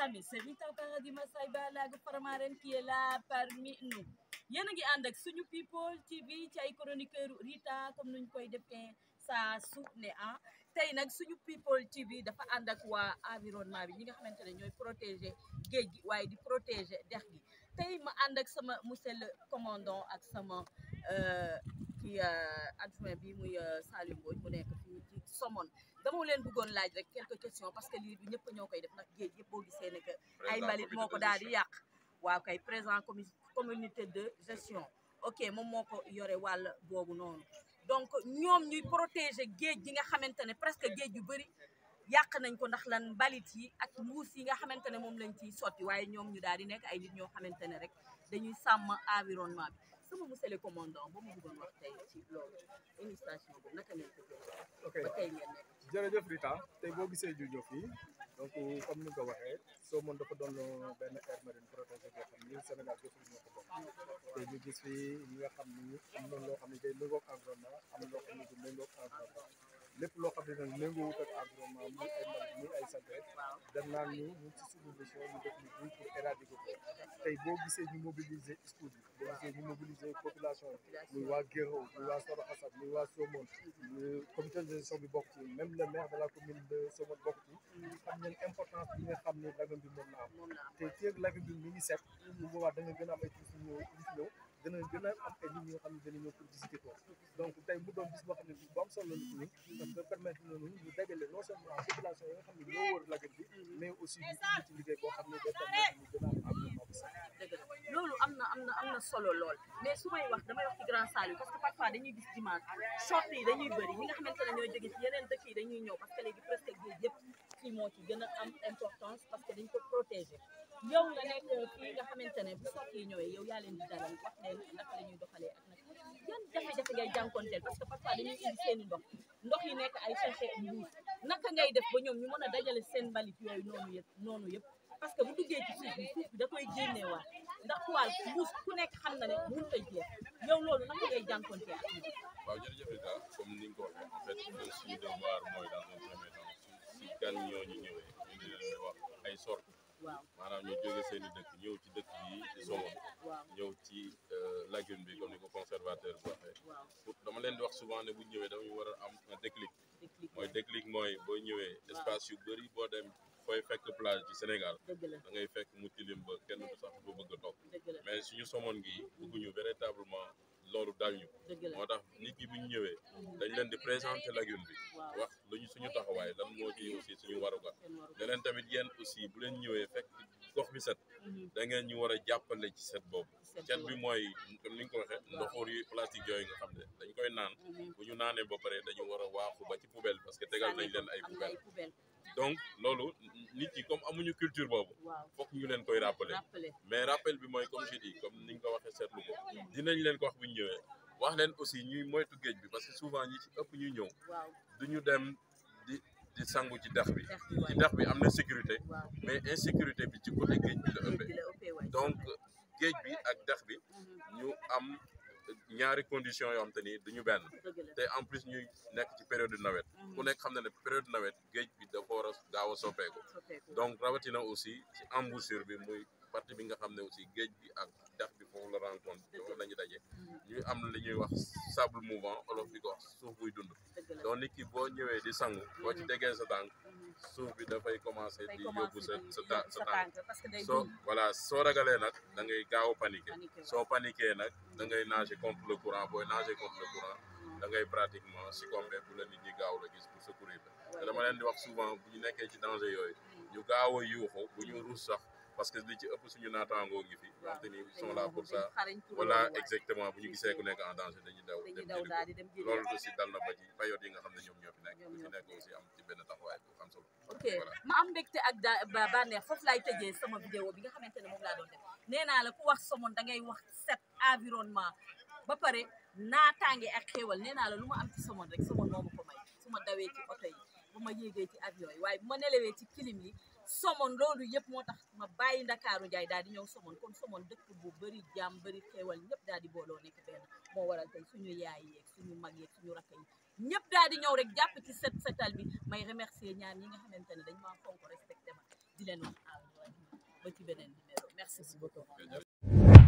amis Savita Paradis Massaye Balago Faramaren qui est là parmi nous yéen a ngi ànd ak suñu ci TV ci ay chroniqueur Rita comme nu ñu koy defee saa su ne ah tey nag suñu ci TV dafa ànd ak waa environnement bi ñi nga xamante ne ñooy protéger géej gi waaye di protéger dex gi tey ma ànd ak sama monsieur le commandant ak sama euh, kii euh, adjoint bi muy euh, Saliou mu nekk fii dama leen bëggoon laaj rek quelques questions parce que lii bi ñëpp ñoo koy def ndax géej yëpp boo gisee ne que ay mbalit moo ko daal di yàq waaw kay présent communauté de gestion ok moom moo ko yore wàll boobu noonu donc ñoom ñuy protéger géej gi nga xamante ne presque géej yu bëri yàq nañ ko ndax lan mbalit yi ak mbuus yi nga xamante ne moom lañ ciy sotti waaye ñoom ñu daal di nekk ay nit ñoo xamante ne rek dañuy sàmm environnement bi sama monsieur le commandant ba mu bëggoon wax tey ci loolu administration boobu naka ngeen ko ok ba tey ngeen nekk jërëjëf Rita tey boo gisee jujof yi donc comme ni nga ko waxee soo mën dafa doon benn aire marine protégé boo xam ni Sénégal jëpp ñoo ko bokk te ñu gis fi ñi nga xam ni am na loo xam ne day méngoog environnement am loo xam ne du méngoog environnement lépp loo xam ne nag méngoowut ak environnement muy ay mal muy ay salte def naa ni ñu ci suñu mission ñu def ni pour éradiquer ko tey boo gisee ñu mobiliser school bi boo gisee ñu mobiliser population bi muy waa Guéro muy waa Sodo Xasab muy waa Somone comité de gestion bi bokk ci même le maire de la commune de Somone bokk ci xam nañ importance bi nga xam ne Lagune bi moom na am te ceeg Lagune bi mi ngi set bu boobaa da nga gën a am ay tuuti ñëw tuuti ñëw dana gën a am ay nit ñi nga xam ne dana ñëw pour visiter ko donc tey mu doon bis boo xam ne bu am solo la ñu parce que permettre nañu ñu dajale non seulement population yi nga xam ne ñoo wër Lagune bi mais aussi ñu ci liggéey boo xam ne day permettre ñu gën a am loolu am na am na am na solo lool mais su may wax damay wax ci grand salle yi parce que parfois dañuy gis dimanche sorties yi dañuy bëri ñi nga xamante ne ñooy ci yeneen dëkk yi dañuy ñëw parce que léegi presque moo ci gën a am importance parce que dañ ko protéger yow nga nekk xamante ne yi ñëwee yow yaa leen di dalal wax naka ñuy doxalee ak nag yan jafe-jafe ngay parce que parfois dañuy indi seen i ndox ndox yi nekk ay sachet mbuus naka ngay def ba ñoom ñu mën a dajale seen mbalit yooyu noonu yëpp noonu yëpp parce que bu duggee ci suuf da koy génneewaat ndax poil mbuus ku nekk xam na ne mënut a jeex yow loolu naka ngay jànkoonte ak moom. waaw jërëjëf Rita comme ni nga ko waxee en fait ñun suñu devoir mooy dans un premier temps si ñu ngi leen maanaam ñu jóge seen i dëkk ñëw ci dëkk yi Somone. waaw ñëw ci euh, lagune bi comme ni ko conservateur bi waxee. pour dama leen di wax souvent ne bu ñëwee dañu war a am un déclic. déclic mooy déclic mooy boo ñëwee. espace yu bari boo dem. fooy fekk plage du Sénégal da ngay fekk mu tilim ba kenn du sax bu bëgg a toog mais suñu somoon gi bëgguñu véritablement loolu dal ñu moo tax nit ñi bu ñëwee mhm. dañ leen di présenter lagune bi wax luñu suñu taxawaay lan moo ci aussi suñu warugar ne leen tamit yéen aussi bu leen ñëwee fekk gox bi set mhm. da ngeen ñu war a jàppale ci set boobu set bi mooy comme ni nga ko waxee ndoxuur yi plastique yooyu nga xam ne dañ koy naan mhm. bu ñu naanee ba pare dañu war a waaxu ba ci poubelle parce que tegal nañ leen ay poubelle nit yi comme amuñu culture boobu fokk ñu leen koy rappeler mais rappel bi mooy comme je comme ni nga ko waxee seetlu ko dinañ leen ko wax bu ñu ñëwee wax leen aussi ñuy moytu géej bi parce que souvent ñi ci ëpp ñuy ñëw duñu dem di di sangu ci dex bi ci dex bi am na sécurité mais insécurité bi ci côté géej bi la ëppee donc géej bi ak dex bi mhm. ñu am ñaari conditions yoo xam te ni duñu benn te en plus ñuy nekk ci période nawet mhm. ku nekk xam na ne période nawet géej bi dafa war a gaaw a soppeeku donc rawatina aussi ci embouchure bi muy parti bi nga xam ne aussi géej bi ak dax bi foofu la rencontre foofu la ñu daje mhm. ñuy am li ñuy wax sable mouvant olof bi ko wax suuf buy dund donc nit ki boo ñëwee di sangu boo ci degee sa tànk suuf bi dafay commencé di yóbbu sa sa sa tànk soo voilà soo ragalee nag da ngay gaaw a paniqué soo paniqué nag da ngay nager contre le courant booy nager contre le courant da ngay pratiquement succomber pour la nit ñi gaaw la gis sa secourir la te dama leen di wax souvent bu ñu nekkee ci danger yooyu ñu gaaw a yuuxu bu ñu ruus sax parce que li ci ëpp suñu naataangoo ngi fi ñoo xam exactement bu ñu gisee ku nekk en danger daw dem jëli loolu aussi na ba ci période yi nga xam ne ñoom ñoo fi nekk ku ci am xamante ne moom naa la ku wax somon da ngay wax set environnement ba pare naataange ak xéewal nee naa la lu ma am ci somon rek somon moo ma ko may su dawee ci oto yi bu ma yéegee ci avion yi waaye bu ma nelawee ci kilim yi somon loolu yëpp moo tax ma bàyyi ndakaaru njaay daal di ñëw somon kon somon dëkk bu bëri jàmm bëri xéewal ñëpp daal di booloo nekk benn moo waral tey suñu yaay yeeg suñu mag yeeg suñu rakk yi ñëpp daal di ñëw rek jàpp ci set setal bi may remercier ñaar ñi nga xamante ne dañ maa fonk respecté ma di leen wax ba ci beneen numéro merci